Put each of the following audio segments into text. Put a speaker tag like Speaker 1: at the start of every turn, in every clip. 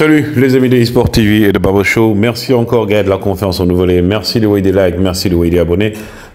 Speaker 1: Salut les amis de eSport TV et de Babo Show. Merci encore Gaël de la confiance en nouveau. Merci de des likes, merci de à abonnés.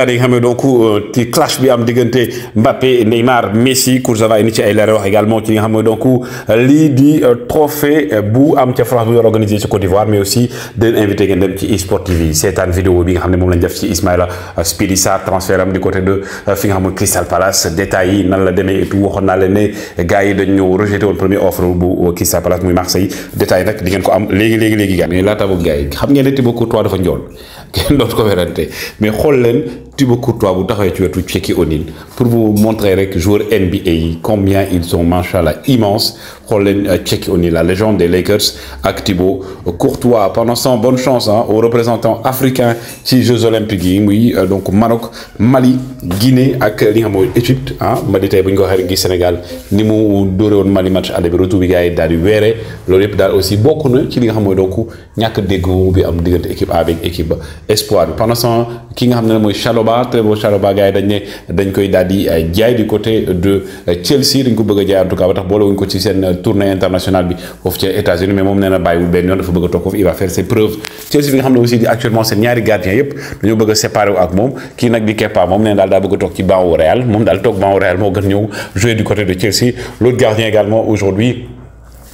Speaker 1: waxtaanee nga xam ne donc euh, ci clash bi am diggante Mbappé Neymar Messi Kurzawa indi ci ay leer wax également ci nga xam ne donc lii di euh, trophée euh, bu am ca France bu yor organisé ci Côte d'Ivoire mais aussi dañ invité ngeen dem ci eSport TV seetaan vidéo bi nga xam ne moom lañ def ci Ismaïla Spilissa transfert am di côté de fi nga xam ne Crystal Palace détails yi nan la demee et tout waxoon naa leen ne gars yi dañ ñëw rejeté woon premier offre bu Crystal Palace muy Marseille détails nag di ngeen ko am léegi léegi léegi gars mais laata boog gars yi xam ngeen ne Thibaut trois dafa njool kenn doot ko mais xool leen beaucoup Courtois vous avez tué tout pour vous montrer avec joueurs NBA combien ils sont machallah immense euh, Colin oni la légende des Lakers, Actibo Courtois. Pendant ce temps, bonne chance hein, aux représentants africains ci Jeux Olympiques Oui, euh, donc Maroc Mali Guinée ak li nga xam Égypte Hein, Mali tey bu ñu ko waxee Sénégal ni mon dore au Mali match à bi retour bi gars yi daal di weere loolu yëpp aussi bokk na ci li nga xam mooy donc ñàkk déggoo bi am diggante équipe avec équipe espoir pendant ce ki nga xam moy Chaloba très beau Chaloba gars dañ né dañ koy daal euh, jaay du côté de Chelsea dañ ko bëgg a jaay en tout cas ba tax boolewuñ ko ci sen tournée internationale bi foofu ci États-Unis mais mom nee na bàyyiwul benn yoon dafa bëgg a toog il va faire ses preuves Chelsea bi nga xam aussi di actuellement seen ñaari gardien yépp dañu bëgg a séparer ak mom ki nak di Kepa moom nee na daal daa bëgg tok ci banc Real mom dal tok banc Real mo gën ñëw jouer du côté de Chelsea l'autre gardien également aujourd'hui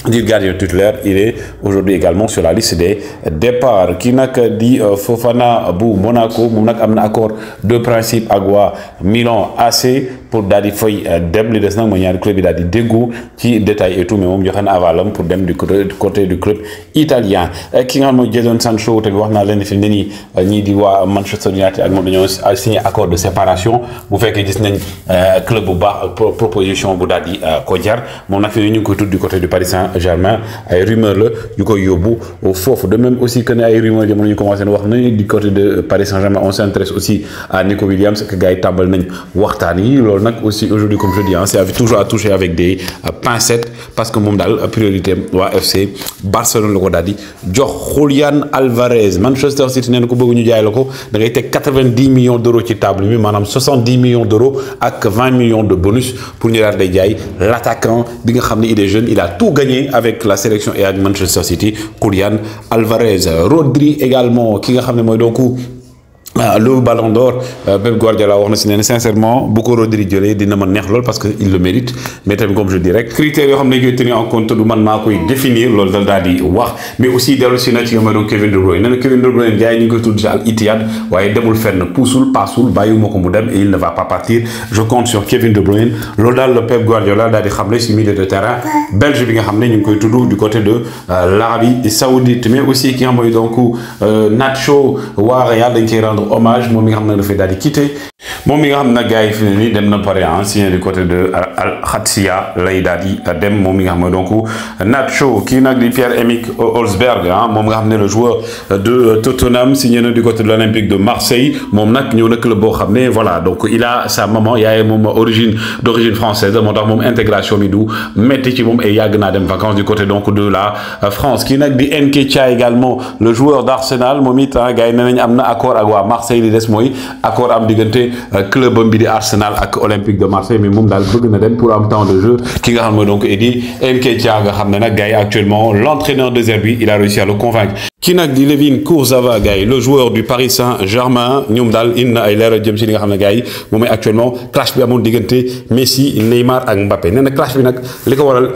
Speaker 1: du gardien titulaire, il est aujourd'hui également sur la liste des départs. Qui euh, n'a dit Fofana Bou Monaco, Mounak a un accord de principe Agua Milan AC pour Dadi Foy euh, Dem, de descendants de club, il qui détaille et tout, mais on y a pour Dem du côté du club italien. Qui n'a pas Sancho, tu vois, dans fini ni dit Manchester United, a signé accord de séparation. Vous faites que Disney club ou proposition pour Dadi euh, Kodjar, mon affaire du côté du Paris Germain ay rumeur la yu koy au foofu de même aussi que né ay rumeur jamono ñu commencé wax nañu du côté de Paris Saint-Germain on s'intéresse aussi à Nico Williams que gars yi nañ waxtaan yi aussi aujourd'hui comme je dis hein, c'est toujours à toucher avec des pincettes parce que mom dal priorité FC Barcelone le ko Julian Alvarez Manchester City nee ko bëggu ñu jaay la da ngay millions d'euros ci table bi manam 70 millions d'euros ak 20 millions de bonus pour ñu daal l'attaquant bi nga il est jeune il a tout gagné avec la sélection et Manchester City Kurian Alvarez Rodri également Qui a bah, le ballon d'or euh, Pep Guardiola wax na sincèrement beaucoup ko Rodri jëlee dina ma neex lool parce que il le mérite mais comme je dirais, critère yo xamné xam tenir en compte du man ma koy définir loolu dal daal di wax mais aussi dellu si na ci Kevin De Bruyne na Kevin De Bruyne gay yi ñu ngi koy tudd ci Al Ittihad waye demul fenn puusul passul bàyyiwuma mu dem et il ne va pas partir je compte sur Kevin De Bruyne loolu le Pep Guardiola dal di xamle ci milieu de terrain belge bi nga xamné ñu koy tudd du côté de euh, l'Arabie Saoudite mais aussi qui nga xam donc euh, Nacho Real dañ koy rendre hommage Momi mi nga xam ne dafay daal di moom mi nga xamna gaay fi ni dem na paré ancien ah, du côté de Al Khatia lay daal di dem moom mi nga xam donc Nacho kii nak di pierre Emic Holzberg ah moom nga xam le joueur de Tottenham signé du côté de l'Olympique de Marseille mom nak ñëw na le bo xam voilà donc il a sa maman yaay moom origine d'origine française moo tax moom intégration mi dou metti ci mom et Yag? na dem vacances du côté donc de la France Qui nak di Nketiah également le joueur d'Arsenal moom it ah nañ amna accord ak wa Marseille li des accord am diggante. Euh, club de bi Arsenal et Olympique de Marseille mais moom daal bëgg na dem pour am temps de jeu qui nga donc Eddie Nketiah nga xam ne actuellement l'entraîneur de Zerbi il a réussi à le convaincre. kii nag di Kourzava le joueur du Paris Saint-Germain ñoom Inna indi na ay leeral jëm si nga xam actuellement clash bi amoon Messi Neymar ak Mbappé nee clash bi nag li waral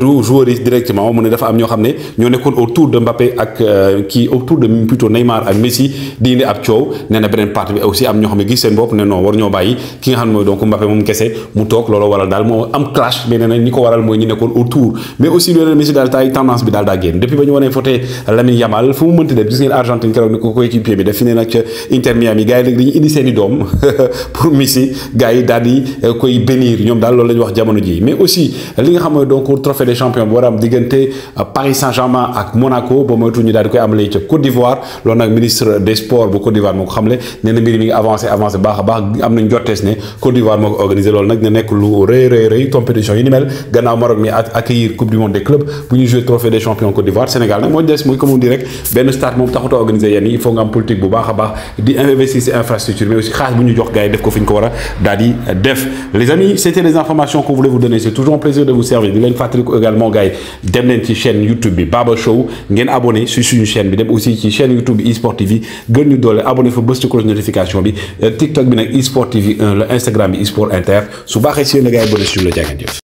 Speaker 1: joueur directement mu est dafa am ñoo xam ne autour de Mbappé ak euh, autour de plutôt Neymar ak Messi di indi ab coow nee na partie bi aussi am ñoo xam ne non war ñoo bayyi ki nga xam moy donc Mbappé mum kese mu tok lolo waral dal mo am clash mais nee nañ ko waral moy ñi nekkoon autour mais aussi Lionel Messi dal tay tendance bi dal da génn depuis bañu ñu foté Lamine Yamal fu mu mënti def gis ngeen Argentine kéro ni ko ko coéquipier bi daf fi ne nag Inter Miami gaay yi léegi dañuy indi seen dom pour Messi gaay yi daal di euh, koy bénir ñom dal loolu lañ wax jamono ji mais aussi li nga xam moy donc trophée des champions bi war am diggante euh, Paris Saint-Germain ak Monaco ba moytu ñu dal di koy am amalee ci Côte d'Ivoire loolu nak ministre des sports bu Côte d'Ivoire mo xamlé xamle nee na mbir mi ngi avancé avancé baax baax am nañ jottees ne Côte d'Ivoire moo ko organisé loolu nag lu rëy rëy rëy compétition yi ni mel gannaaw Maroc mi accueillir coupe du monde des clubs bu ñu trophée des champions Côte d'Ivoire Sénégal nag mooy des mooy comme on dirait ben benn stade moom taxut a il faut nga am politique bu baax baax di investir infrastructure mais aussi xaalis bu ñu jox gars def ko fiñ ko wara a di def les amis c'était les informations qu'on voulait vous donner c'est toujours un plaisir de vous servir di len fàttali également gars dem leen ci chaîne YouTube bi Baba Show ngeen abonné ci suñu chaîne bi dem aussi ci chaîne YouTube e sport TV gën ñu dolé abonné fa bës ci cloche notification bi euh, TikTok bi nag iSport TV 1 la Instagram bi iSport Inter su baaxee si yéen a ngi abonné suñu la jaa ngeen